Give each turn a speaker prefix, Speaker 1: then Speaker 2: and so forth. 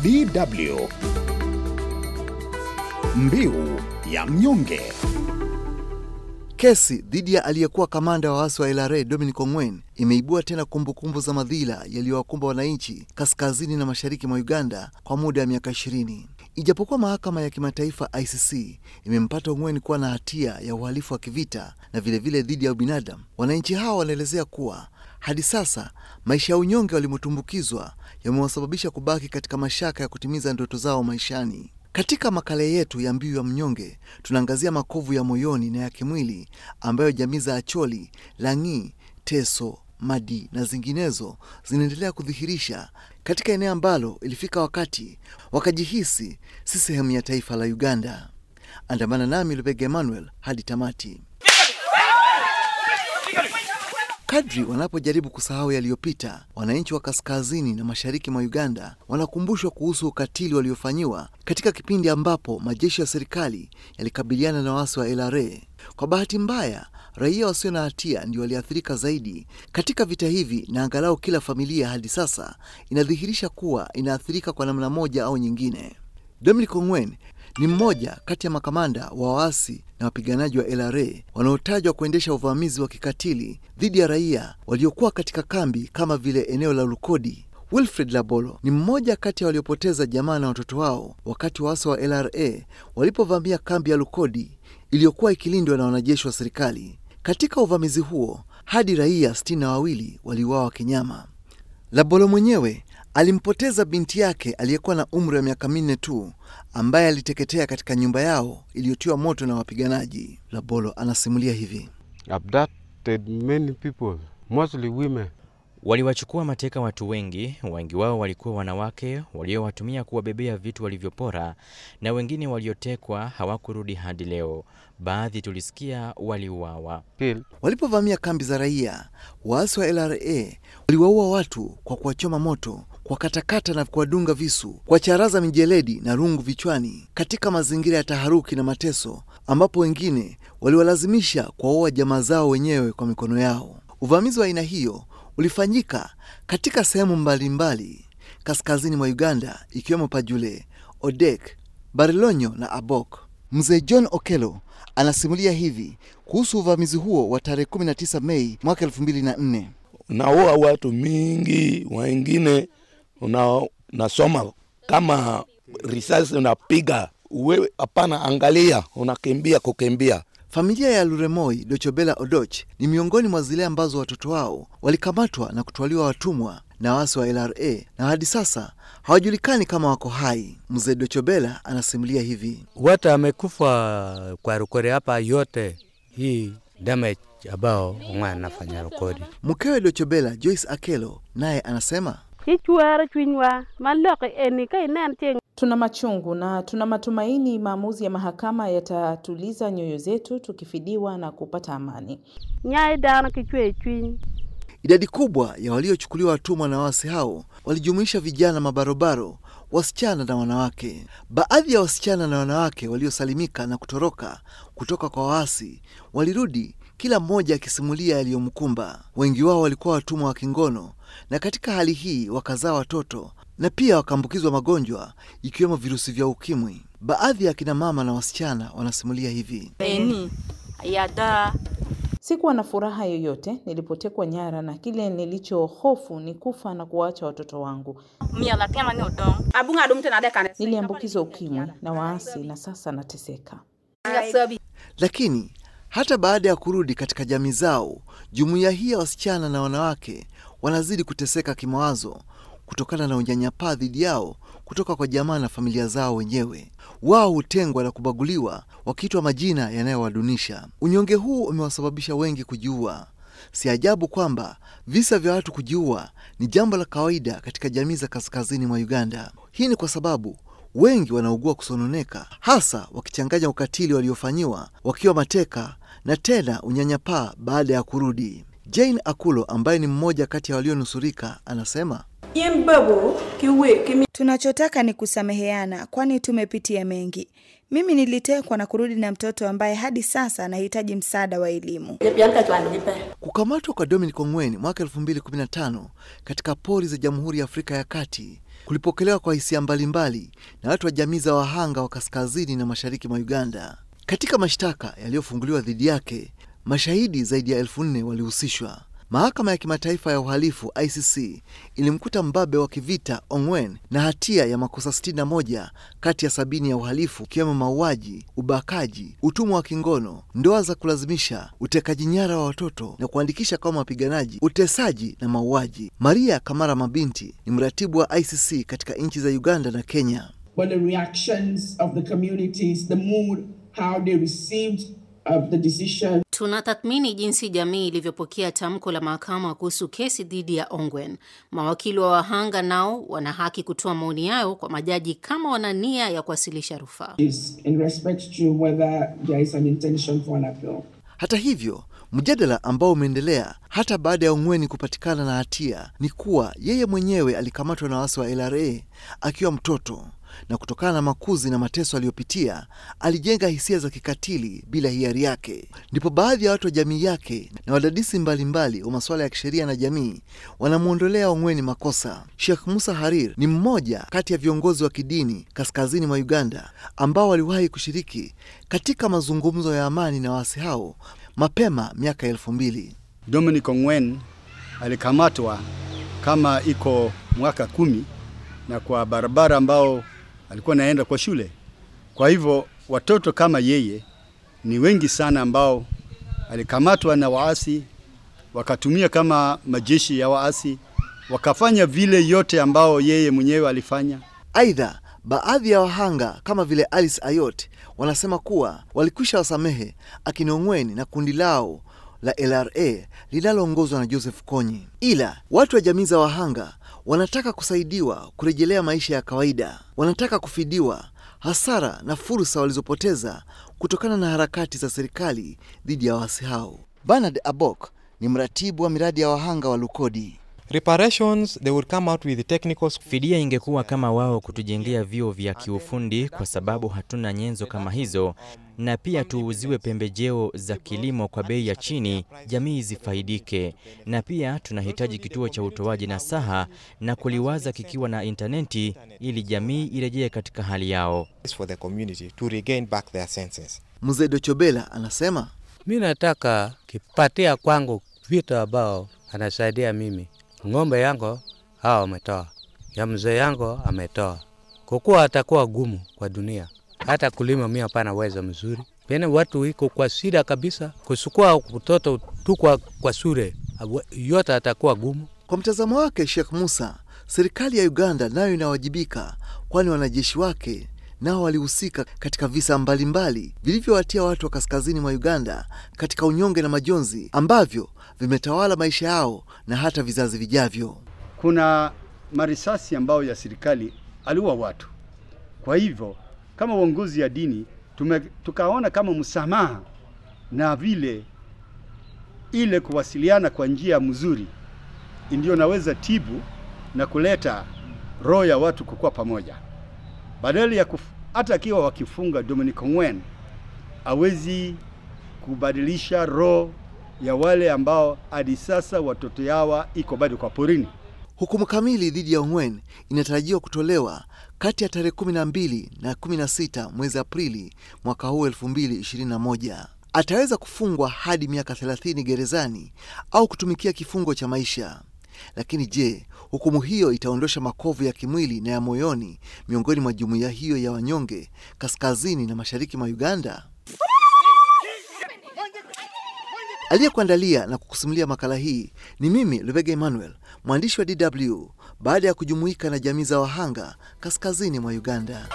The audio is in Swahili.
Speaker 1: bw Mbiu ya Mnyonge. Kesi dhidi ya aliyekuwa kamanda wa waasi wa LRA Dominic Ongwen imeibua tena kumbukumbu za madhila yaliyowakumba wananchi kaskazini na mashariki mwa Uganda kwa muda wa miaka ishirini. Ijapokuwa mahakama ya kimataifa ICC imempata Ongwen kuwa na hatia ya uhalifu wa kivita na vilevile dhidi ya ubinadamu, wananchi hawa wanaelezea kuwa hadi sasa maisha ya unyonge walimotumbukizwa yamewasababisha kubaki katika mashaka ya kutimiza ndoto zao maishani. Katika makala yetu ya Mbiu ya Mnyonge tunaangazia makovu ya moyoni na ya kimwili ambayo jamii za Acholi, Lang'ii, Teso, Madi na zinginezo zinaendelea kudhihirisha katika eneo ambalo ilifika wakati wakajihisi si sehemu ya taifa la Uganda. Andamana nami Lubega Emmanuel hadi tamati. Kadri wanapojaribu kusahau yaliyopita, wananchi wa kaskazini na mashariki mwa Uganda wanakumbushwa kuhusu ukatili waliofanyiwa katika kipindi ambapo majeshi ya serikali yalikabiliana na waasi wa LRA. Kwa bahati mbaya, raia wasio na hatia ndio waliathirika zaidi katika vita hivi, na angalau kila familia hadi sasa inadhihirisha kuwa inaathirika kwa namna moja au nyingine. Dominic Ongwen ni mmoja kati ya makamanda wa waasi na wapiganaji wa LRA wanaotajwa kuendesha uvamizi wa kikatili dhidi ya raia waliokuwa katika kambi kama vile eneo la Lukodi. Wilfred Labolo ni mmoja kati ya waliopoteza jamaa na watoto wao wakati waasi wa LRA walipovamia kambi ya Lukodi iliyokuwa ikilindwa na wanajeshi wa serikali. Katika uvamizi huo hadi raia sitini na wawili waliuawa kinyama. Labolo mwenyewe Alimpoteza binti yake aliyekuwa na umri wa miaka minne tu ambaye aliteketea katika nyumba yao iliyotiwa moto na wapiganaji. Labolo anasimulia hivi: waliwachukua mateka watu wengi, wengi wao walikuwa wanawake waliowatumia kuwabebea vitu walivyopora, na wengine waliotekwa hawakurudi hadi leo. Baadhi tulisikia waliuawa. Walipovamia kambi za raia, waasi wa LRA waliwaua watu kwa kuwachoma moto katakata na kuwadunga visu, kwa charaza mijeledi na rungu vichwani, katika mazingira ya taharuki na mateso, ambapo wengine waliwalazimisha kuwaoa jamaa zao wenyewe kwa mikono yao. Uvamizi wa aina hiyo ulifanyika katika sehemu mbalimbali kaskazini mwa Uganda, ikiwemo Pajule, Odek, Barilonyo na Abok. Mzee John Okelo anasimulia hivi kuhusu uvamizi huo wa tarehe 19 Mei mwaka 2004. Naoa watu mingi wengine unasoma kama risasi unapiga we hapana, angalia, unakimbia kukimbia. Familia ya Luremoi Dochobela Odoch ni miongoni mwa zile ambazo watoto wao walikamatwa na kutwaliwa watumwa na wasi wa LRA na hadi sasa hawajulikani kama wako hai. Mzee Dochobela anasimulia hivi: wote amekufa kwa rukori hapa, yote hii damage ambao mwana anafanya rukori. Mkewe Dochobela Joyce Akelo naye anasema Kichwara chunywa maloke eni kainen Tuna machungu na tuna matumaini maamuzi ya mahakama yatatuliza nyoyo zetu tukifidiwa na kupata amani. Nyai dana kichwe chwiny. Idadi kubwa ya waliochukuliwa watumwa na waasi hao walijumuisha vijana mabarobaro, wasichana na wanawake. Baadhi ya wasichana na wanawake waliosalimika na kutoroka kutoka kwa waasi walirudi kila mmoja akisimulia yaliyomkumba. Wengi wao walikuwa watumwa wa kingono, na katika hali hii wakazaa watoto na pia wakaambukizwa magonjwa ikiwemo virusi vya ukimwi. Baadhi ya akina mama na wasichana wanasimulia hivi: sikuwa na furaha yoyote nilipotekwa nyara, na kile nilichohofu ni kufa na kuwaacha watoto wangu. Niliambukizwa ukimwi na waasi na sasa nateseka. Lakini hata baada ya kurudi katika jamii zao, jumuiya hii ya wasichana na wanawake wanazidi kuteseka kimawazo kutokana na unyanyapaa dhidi yao kutoka kwa jamaa na familia zao wenyewe. Wao hutengwa na kubaguliwa, wakiitwa majina yanayowadunisha. Unyonge huu umewasababisha wengi kujiua. Si ajabu kwamba visa vya watu kujiua ni jambo la kawaida katika jamii za kaskazini mwa Uganda. Hii ni kwa sababu wengi wanaugua kusononeka, hasa wakichanganya ukatili waliofanyiwa wakiwa mateka na tena unyanyapaa baada ya kurudi. Jane Akulo ambaye ni mmoja kati ya walionusurika anasema tunachotaka ni kusameheana, kwani tumepitia mengi. Mimi nilitekwa na kurudi na mtoto ambaye hadi sasa anahitaji msaada wa elimu. Kukamatwa kwa Dominic Ongwen mwaka 2015 katika pori za Jamhuri ya Afrika ya Kati kulipokelewa kwa hisia mbalimbali na watu wa jamii za wahanga wa kaskazini na mashariki mwa Uganda. Katika mashtaka yaliyofunguliwa dhidi yake, mashahidi zaidi ya elfu nne walihusishwa. Mahakama ya Kimataifa ya Uhalifu ICC ilimkuta mbabe wa kivita Ongwen na hatia ya makosa 61 kati ya sabini ya uhalifu ikiwemo mauaji, ubakaji, utumwa wa kingono, ndoa za kulazimisha, utekaji nyara wa watoto na kuandikisha kama wapiganaji, utesaji na mauaji. Maria Kamara Mabinti ni mratibu wa ICC katika nchi za Uganda na Kenya. Well, the reactions of the communities, the mood how they received uh, the decision. Tunatathmini jinsi jamii ilivyopokea tamko la mahakama kuhusu kesi dhidi ya Ongwen. Mawakili wa wahanga nao wana haki kutoa maoni yao kwa majaji kama wana nia ya kuwasilisha rufaa. Hata hivyo, mjadala ambao umeendelea hata baada ya Ongweni kupatikana na hatia ni kuwa yeye mwenyewe alikamatwa na wasi wa LRA akiwa mtoto na kutokana na makuzi na mateso aliyopitia alijenga hisia za kikatili bila hiari yake. Ndipo baadhi ya watu wa jamii yake na wadadisi mbalimbali wa masuala ya kisheria na jamii wanamwondolea Ong'weni makosa. Sheikh Musa Harir ni mmoja kati ya viongozi wa kidini kaskazini mwa Uganda ambao waliwahi kushiriki katika mazungumzo ya amani na waasi hao mapema miaka elfu mbili. Dominic Ongwen alikamatwa kama iko mwaka kumi na kwa barabara ambao alikuwa naenda kwa shule. Kwa hivyo watoto kama yeye ni wengi sana ambao alikamatwa na waasi wakatumia kama majeshi ya waasi wakafanya vile yote ambao yeye mwenyewe alifanya. Aidha, baadhi ya wahanga kama vile Alice Ayot wanasema kuwa walikwisha wasamehe akina na kundi lao la LRA linaloongozwa na Joseph Kony, ila watu wa jamii za wahanga wanataka kusaidiwa kurejelea maisha ya kawaida, wanataka kufidiwa hasara na fursa walizopoteza kutokana na harakati za serikali dhidi ya waasi hao. Bernard Abok ni mratibu wa miradi ya wahanga wa Lukodi. Reparations, they would come out with technical... Fidia ingekuwa kama wao kutujengea vyuo vya kiufundi kwa sababu hatuna nyenzo kama hizo na pia tuuziwe pembejeo za kilimo kwa bei ya chini, jamii zifaidike. Na pia tunahitaji kituo cha utoaji na saha na kuliwaza kikiwa na intaneti, ili jamii irejee katika hali yao. Mzee Dochobela anasema mi nataka kipatia kwangu vitu ambao anasaidia mimi. Ng'ombe yangu hawa wametoa, ya mzee yangu ametoa, kwa kuwa atakuwa gumu kwa dunia hata kulima mimi hapana uwezo mzuri. Pene yaani watu iko kwa shida kabisa, kusukua mtoto tu kwa, kwa sure yote atakuwa gumu. Kwa mtazamo wake Sheikh Musa, serikali ya Uganda nayo inawajibika, kwani wanajeshi wake nao walihusika katika visa mbalimbali vilivyowatia watu wa kaskazini mwa Uganda katika unyonge na majonzi ambavyo vimetawala maisha yao na hata vizazi vijavyo. Kuna marisasi ambayo ya serikali aliua watu, kwa hivyo kama uongozi ya dini tume, tukaona kama msamaha na vile ile kuwasiliana kwa njia mzuri ndio naweza tibu na kuleta roho ya watu kukua pamoja, badala ya hata akiwa wakifunga Dominic Ongwen awezi kubadilisha roho ya wale ambao hadi sasa watoto yawa iko bado kwa porini. Hukumu kamili dhidi ya Ongwen inatarajiwa kutolewa kati ya tarehe kumi na mbili na kumi sita mwezi Aprili mwaka huu moja. Ataweza kufungwa hadi miaka thelathini gerezani au kutumikia kifungo cha maisha. Lakini je, hukumu hiyo itaondosha makovu ya kimwili na ya moyoni miongoni mwa jumuiya hiyo ya wanyonge kaskazini na mashariki mwa Uganda? Aliyekuandalia na kukusimulia makala hii ni mimi Lubega Emmanuel, mwandishi wa DW baada ya kujumuika na jamii za wahanga kaskazini mwa Uganda.